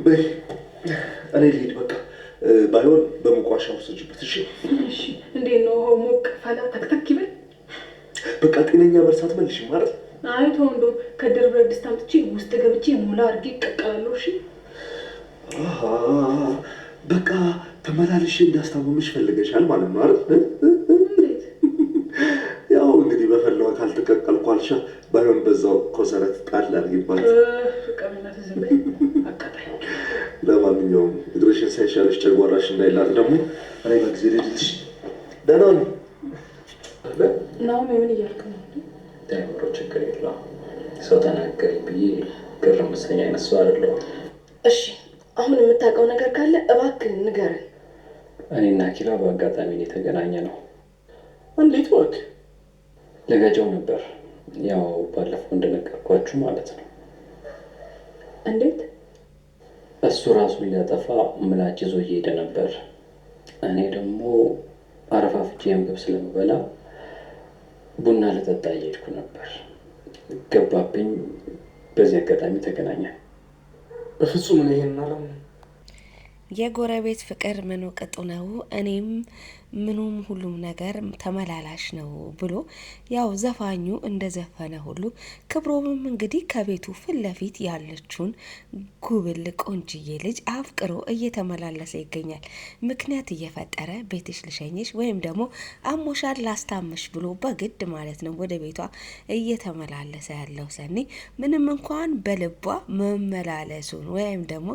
እኔ ልሄድ በቃ። ባይሆን በሞቋሻ ውሰጅበት። እሺ እሺ። እንዴት ነው ውሃው? ሞቅ ፈላ ተክተክ ይበል። በቃ ጤነኛ መርሳት መልሽ ማለት አይ፣ ተው እንደው ከድር ብረት ድስት አምጥቼ ውስጥ ገብቼ ሞላ አድርጌ እቀቅላለሁ። እሺ በቃ ተመላልሼ እንዳስታመምሽ ፈልገሻል ማለት ነው አይደል? ካልተቀቀልኩ አልሻ ባይሆን በዛው ኮሰረት ጣል አድርጊባት። ለማንኛውም እግርሽን ሳይሻልሽ ጨጓራሽ እንዳይላት ደግሞ እኔ በጊዜ ልጅልሽ ደህና ነው ናሁም የምን እያልክ ነው? ዳይኖሮ ችግር የለውም ሰው ተናገር ብዬ ግር ምስለኛ አይነሱ ሰው አይደለሁም። እሺ አሁን የምታውቀው ነገር ካለ እባክህ ንገረን። እኔና ኪራ በአጋጣሚ የተገናኘ ነው። እንዴት እባክህ ልገጨው ነበር። ያው ባለፈው እንደነገርኳችሁ ማለት ነው። እንዴት? እሱ ራሱን ሊያጠፋ ምላጭ ይዞ እየሄደ ነበር። እኔ ደግሞ አረፋፍጄ ምግብ ስለምበላ ቡና ልጠጣ እየሄድኩ ነበር። ገባብኝ። በዚህ አጋጣሚ ተገናኘ። በፍጹም ነው ይሄን የጎረቤት ፍቅር ምኑ ቅጡ ነው። እኔም ምኑም ሁሉም ነገር ተመላላሽ ነው ብሎ ያው ዘፋኙ እንደ ዘፈነ ሁሉ ክብሮምም እንግዲህ ከቤቱ ፊት ለፊት ያለችውን ጉብል ቆንጅዬ ልጅ አፍቅሮ እየተመላለሰ ይገኛል። ምክንያት እየፈጠረ ቤትሽ ልሸኝሽ ወይም ደግሞ አሞሻል ላስታምሽ ብሎ በግድ ማለት ነው ወደ ቤቷ እየተመላለሰ ያለው ሰኒ ምንም እንኳን በልቧ መመላለሱን ወይም ደግሞ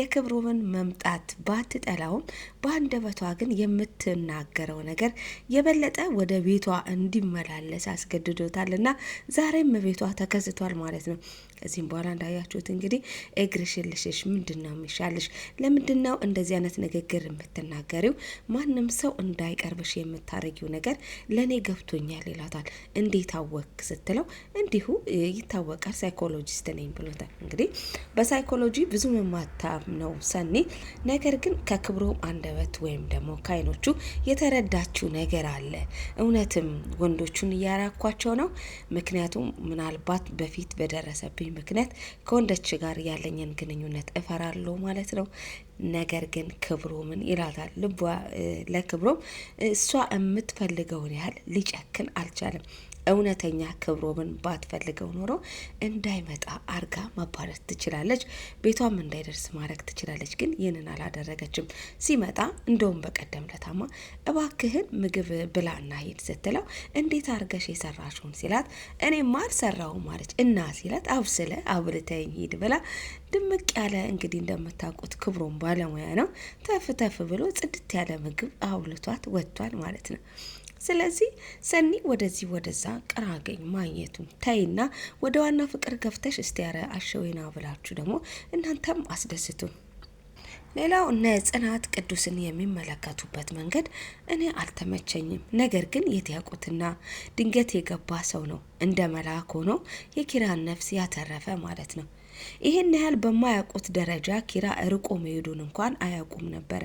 የክብሮምን መምጣት ባትጠላውም በአንደበቷ ግን የምትና የተናገረው ነገር የበለጠ ወደ ቤቷ እንዲመላለስ አስገድዶታል እና ዛሬም ቤቷ ተከስቷል ማለት ነው። ከዚህም በኋላ እንዳያችሁት እንግዲህ እግርሽን ልሽሽ ምንድን ነው የሚሻልሽ? ለምንድን ነው እንደዚህ አይነት ንግግር የምትናገሪው? ማንም ሰው እንዳይቀርብሽ የምታረጊው ነገር ለእኔ ገብቶኛል ይላታል። እንዴት አወክ ስትለው እንዲሁ ይታወቃል፣ ሳይኮሎጂስት ነኝ ብሎታል። እንግዲህ በሳይኮሎጂ ብዙ የማታም ነው ሰኒ። ነገር ግን ከክብሮም አንደበት ወይም ደግሞ ከአይኖቹ የተረዳችው ነገር አለ። እውነትም ወንዶቹን እያራኳቸው ነው። ምክንያቱም ምናልባት በፊት በደረሰብኝ ምክንያት ከወንዶች ጋር ያለኝን ግንኙነት እፈራለሁ ማለት ነው። ነገር ግን ክብሮምን ይላታል። ልቧ ለክብሮም እሷ የምትፈልገውን ያህል ሊጨክን አልቻለም። እውነተኛ ክብሮምን ባትፈልገው ኖሮ እንዳይመጣ አርጋ ማባረት ትችላለች፣ ቤቷም እንዳይደርስ ማድረግ ትችላለች። ግን ይህንን አላደረገችም። ሲመጣ እንደውም በቀደም ለታማ እባክህን ምግብ ብላ እናሄድ ስትለው እንዴት አርገሽ የሰራሽውን ሲላት እኔማ አልሰራሁም አለች እና ሲላት አብስለ አብልተኝ ሂድ ብላ ድምቅ ያለ እንግዲህ እንደምታውቁት ክብሮም ባለሙያ ነው። ተፍ ተፍ ብሎ ጽድት ያለ ምግብ አውልቷት ወጥቷል ማለት ነው። ስለዚህ ሰኒ ወደዚህ ወደዛ ቅራገኝ ማየቱን ተይና ወደ ዋና ፍቅር ገፍተሽ እስቲ ያረ አሸወና ብላችሁ ደግሞ እናንተም አስደስቱን። ሌላው እነ ጽናት ቅዱስን የሚመለከቱበት መንገድ እኔ አልተመቸኝም። ነገር ግን የትያቁትና ድንገት የገባ ሰው ነው እንደ መልአክ ሆኖ የኪራን ነፍስ ያተረፈ ማለት ነው። ይህን ያህል በማያውቁት ደረጃ ኪራ ርቆ መሄዱን እንኳን አያውቁም ነበር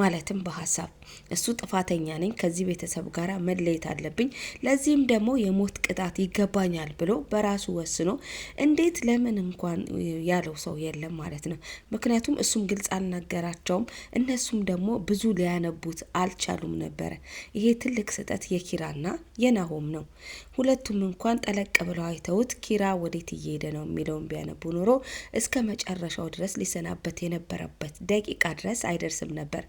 ማለትም በሀሳብ እሱ ጥፋተኛ ነኝ፣ ከዚህ ቤተሰብ ጋር መለየት አለብኝ፣ ለዚህም ደግሞ የሞት ቅጣት ይገባኛል ብሎ በራሱ ወስኖ እንዴት ለምን እንኳን ያለው ሰው የለም ማለት ነው። ምክንያቱም እሱም ግልጽ አልነገራቸውም፣ እነሱም ደግሞ ብዙ ሊያነቡት አልቻሉም ነበረ። ይሄ ትልቅ ስህተት የኪራና የናሆም ነው። ሁለቱም እንኳን ጠለቅ ብለው አይተውት ኪራ ወዴት እየሄደ ነው የሚለውን ቢያነቡ ኖሮ እስከ መጨረሻው ድረስ ሊሰናበት የነበረበት ደቂቃ ድረስ አይደርስም ነበር።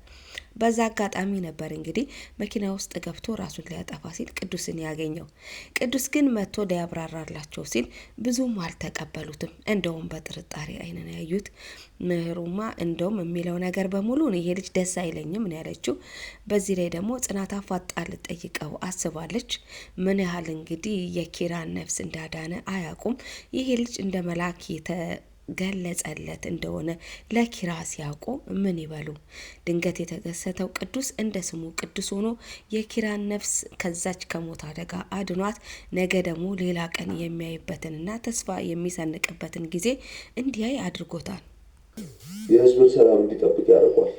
በዛ አጋጣሚ ነበር እንግዲህ መኪና ውስጥ ገብቶ ራሱን ሊያጠፋ ሲል ቅዱስን ያገኘው። ቅዱስ ግን መጥቶ ሊያብራራላቸው ሲል ብዙም አልተቀበሉትም። እንደውም በጥርጣሬ አይንን ያዩት። ምህሩማ እንደውም የሚለው ነገር በሙሉ ይሄ ልጅ ደስ አይለኝም ነው ያለችው። በዚህ ላይ ደግሞ ጽናት አፋጣ ልጠይቀው አስባለች። ምን ያህል እንግዲህ የኪራን ነፍስ እንዳዳነ አያውቁም። ይሄ ልጅ እንደ መላክ ገለጸለት እንደሆነ ለኪራ ሲያውቁ ምን ይበሉ? ድንገት የተከሰተው ቅዱስ እንደ ስሙ ቅዱስ ሆኖ የኪራን ነፍስ ከዛች ከሞት አደጋ አድኗት ነገ ደግሞ ሌላ ቀን የሚያይበትንና ተስፋ የሚሰንቅበትን ጊዜ እንዲያይ አድርጎታል። የህዝብን ሰላም እንዲጠብቅ ያደርጓል።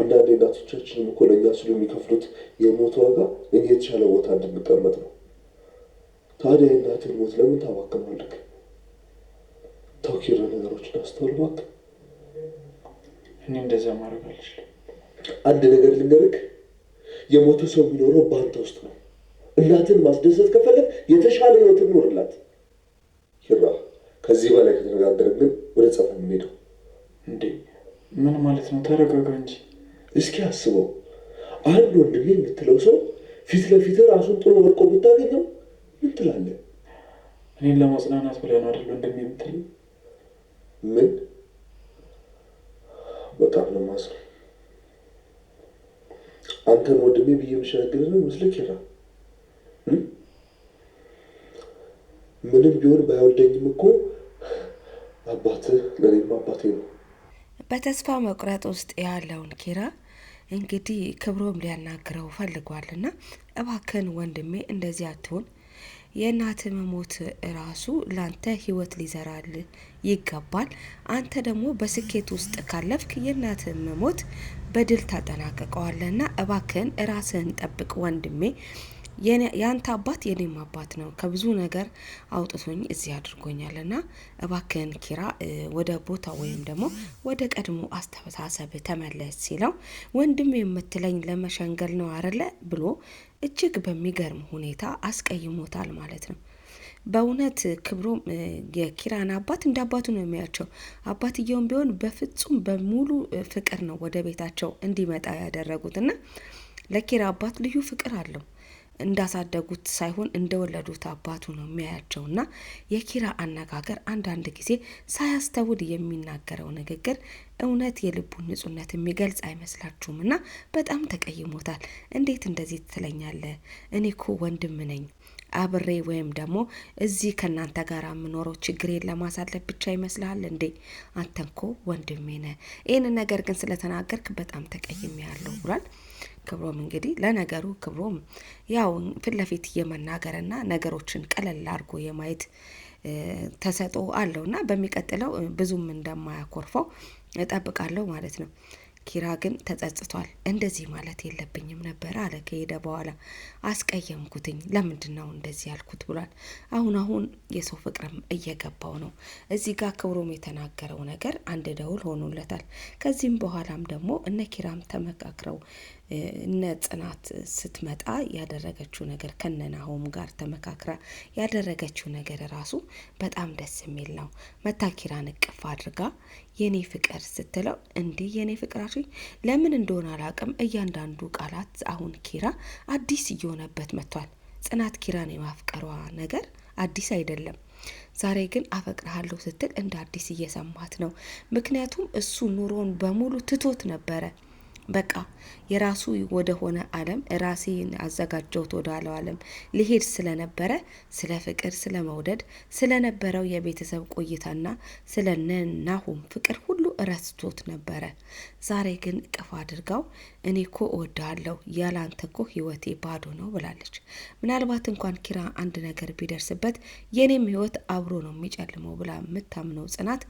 አንዳንድ እናቶቻችንም እኮ ለእኛ ስሉ የሚከፍሉት የሞት ዋጋ እኛ የተሻለ ቦታ እንድንቀመጥ ነው። ታዲያ የእናትን ሞት ለምን ታባክማለህ? ኪር ነገሮች አስተውልባት። እኔ እንደዚያ ማድረግ አልችልም። አንድ ነገር ልንገርህ፣ የሞተ ሰው የሚኖረው በአንተ ውስጥ ነው። እናትን ማስደሰት ከፈለግ የተሻለ ህይወት ኖርላት። ኪራ፣ ከዚህ በላይ ከተነጋገር ግን ወደ ጸብ የሚሄደው እንዴ? ምን ማለት ነው? ተረጋጋ እንጂ እስኪ አስበው። አንድ ወንድሜ የምትለው ሰው ፊት ለፊት ራሱን ጥሎ ወድቆ ብታገኘው ምን ትላለህ? እኔን ለማጽናናት ብለን አይደል ወንድሜ ምን በጣም ነው የማዝነው። አንተን ወንድሜ ብዬ የምሸነግር ነው ምስልክ ይላል። ምንም ቢሆን ባይወደኝም እኮ አባትህ ለእኔም አባቴ ነው። በተስፋ መቁረጥ ውስጥ ያለውን ኪራ እንግዲህ ክብሮም ሊያናግረው ፈልጓልና እባክን ወንድሜ እንደዚህ አትሆን የእናት መሞት ራሱ ላንተ ህይወት ሊዘራል ይገባል። አንተ ደግሞ በስኬት ውስጥ ካለፍክ የእናት መሞት በድል ታጠናቀቀዋለህና እባክህን ራስህን ጠብቅ ወንድሜ። የአንተ አባት የኔም አባት ነው። ከብዙ ነገር አውጥቶኝ እዚህ አድርጎኛል እና እባክህን ኪራ ወደ ቦታ ወይም ደግሞ ወደ ቀድሞ አስተሳሰብ ተመለስ ሲለው ወንድም የምትለኝ ለመሸንገል ነው አረለ ብሎ እጅግ በሚገርም ሁኔታ አስቀይሞታል ማለት ነው። በእውነት ክብሮም የኪራን አባት እንደ አባቱ ነው የሚያቸው። አባትየውም ቢሆን በፍጹም በሙሉ ፍቅር ነው ወደ ቤታቸው እንዲመጣ ያደረጉት እና ለኪራ አባት ልዩ ፍቅር አለው። እንዳሳደጉት ሳይሆን እንደወለዱት አባቱ ነው የሚያያቸው እና የኪራ አነጋገር አንዳንድ ጊዜ ሳያስተውል የሚናገረው ንግግር እውነት የልቡን ንጹሕነት የሚገልጽ አይመስላችሁም? እና በጣም ተቀይሞታል። እንዴት እንደዚህ ትለኛለህ? እኔ እኮ ወንድም ነኝ አብሬ ወይም ደግሞ እዚህ ከእናንተ ጋር የምኖረው ችግሬን ለማሳለፍ ብቻ ይመስልሃል እንዴ? አንተ እኮ ወንድሜ ነህ። ይህን ነገር ግን ስለተናገርክ በጣም ተቀይሜ ያለሁ ብሏል። ክብሮም እንግዲህ ለነገሩ ክብሮም ያው ፊት ለፊት የመናገርና ነገሮችን ቀለል አድርጎ የማየት አለው አለውና በሚቀጥለው ብዙም እንደማያኮርፈው እጠብቃለሁ ማለት ነው። ኪራ ግን ተጸጽቷል። እንደዚህ ማለት የለብኝም ነበረ አለ ከሄደ በኋላ። አስቀየምኩትኝ፣ ለምንድን ነው እንደዚህ ያልኩት ብሏል። አሁን አሁን የሰው ፍቅርም እየገባው ነው። እዚህ ጋር ክብሮም የተናገረው ነገር አንድ ደውል ሆኖለታል። ከዚህም በኋላም ደግሞ እነ ኪራም ተመካክረው እነ ጽናት ስትመጣ ያደረገችው ነገር ከነናሆም ጋር ተመካክራ ያደረገችው ነገር ራሱ በጣም ደስ የሚል ነው። መታኪራን እቅፍ አድርጋ የኔ ፍቅር ስትለው እንዲህ የኔ ፍቅራሽ ለምን እንደሆነ አላውቅም። እያንዳንዱ ቃላት አሁን ኪራ አዲስ እየሆነበት መጥቷል። ጽናት ኪራን የማፍቀሯ ነገር አዲስ አይደለም። ዛሬ ግን አፈቅርሃለሁ ስትል እንደ አዲስ እየሰማት ነው። ምክንያቱም እሱ ኑሮን በሙሉ ትቶት ነበረ። በቃ የራሱ ወደሆነ አለም ራሴን አዘጋጀሁት ወዳለው አለም ሊሄድ ስለነበረ ስለ ፍቅር፣ ስለ መውደድ፣ ስለነበረው የቤተሰብ ቆይታና ስለ ነናሁም ፍቅር ሁሉ ረስቶት ነበረ። ዛሬ ግን እቅፍ አድርጋው እኔ ኮ እወድሃለሁ ያላንተ ኮ ህይወቴ ባዶ ነው ብላለች። ምናልባት እንኳን ኪራ አንድ ነገር ቢደርስበት የእኔም ህይወት አብሮ ነው የሚጨልመው ብላ የምታምነው ጽናት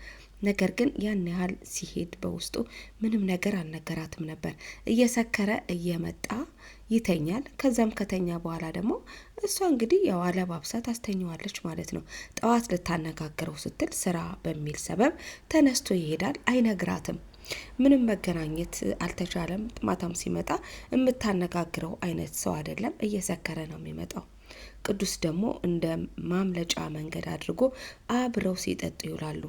ነገር ግን ያን ያህል ሲሄድ በውስጡ ምንም ነገር አልነገራትም ነበር። እየሰከረ እየመጣ ይተኛል። ከዛም ከተኛ በኋላ ደግሞ እሷ እንግዲህ ያው አለባብሳ ታስተኘዋለች ማለት ነው። ጠዋት ልታነጋግረው ስትል ስራ በሚል ሰበብ ተነስቶ ይሄዳል። አይነግራትም። ምንም መገናኘት አልተቻለም። ማታም ሲመጣ የምታነጋግረው አይነት ሰው አይደለም። እየሰከረ ነው የሚመጣው። ቅዱስ ደግሞ እንደ ማምለጫ መንገድ አድርጎ አብረው ሲጠጡ ይውላሉ።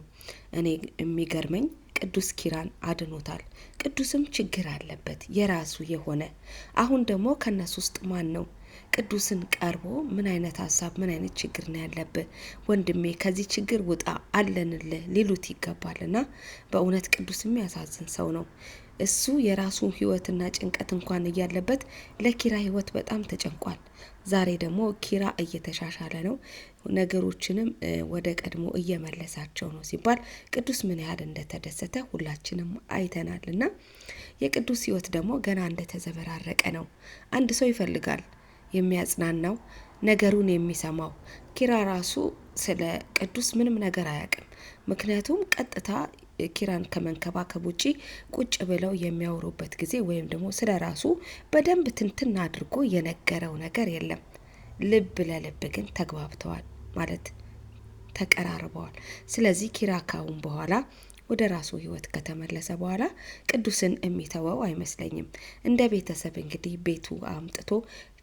እኔ የሚገርመኝ ቅዱስ ኪራን አድኖታል። ቅዱስም ችግር አለበት የራሱ የሆነ አሁን ደግሞ ከእነሱ ውስጥ ማን ነው ቅዱስን ቀርቦ ምን አይነት ሀሳብ ምን አይነት ችግር ነው ያለብህ ወንድሜ ከዚህ ችግር ውጣ አለንልህ ሊሉት ይገባልና በእውነት ቅዱስ የሚያሳዝን ሰው ነው እሱ የራሱ ህይወትና ጭንቀት እንኳን እያለበት ለኪራ ህይወት በጣም ተጨንቋል ዛሬ ደግሞ ኪራ እየተሻሻለ ነው፣ ነገሮችንም ወደ ቀድሞ እየመለሳቸው ነው ሲባል ቅዱስ ምን ያህል እንደተደሰተ ሁላችንም አይተናል። እና የቅዱስ ህይወት ደግሞ ገና እንደተዘበራረቀ ነው። አንድ ሰው ይፈልጋል የሚያጽናናው፣ ነገሩን የሚሰማው። ኪራ ራሱ ስለ ቅዱስ ምንም ነገር አያውቅም። ምክንያቱም ቀጥታ ኪራን ከመንከባከብ ውጪ ቁጭ ብለው የሚያወሩበት ጊዜ ወይም ደግሞ ስለ ራሱ በደንብ ትንትን አድርጎ የነገረው ነገር የለም። ልብ ለልብ ግን ተግባብተዋል ማለት ተቀራርበዋል። ስለዚህ ኪራ ካሁን በኋላ ወደ ራሱ ህይወት ከተመለሰ በኋላ ቅዱስን የሚተወው አይመስለኝም። እንደ ቤተሰብ እንግዲህ ቤቱ አምጥቶ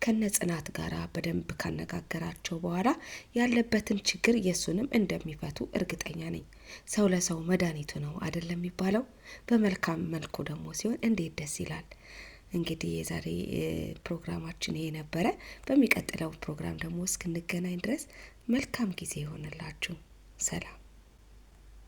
ከነ ጽናት ጋር በደንብ ካነጋገራቸው በኋላ ያለበትን ችግር የእሱንም እንደሚፈቱ እርግጠኛ ነኝ። ሰው ለሰው መድኃኒቱ ነው አይደለም የሚባለው? በመልካም መልኩ ደግሞ ሲሆን እንዴት ደስ ይላል። እንግዲህ የዛሬ ፕሮግራማችን ይሄ ነበረ። በሚቀጥለው ፕሮግራም ደግሞ እስክንገናኝ ድረስ መልካም ጊዜ ይሆንላችሁ። ሰላም።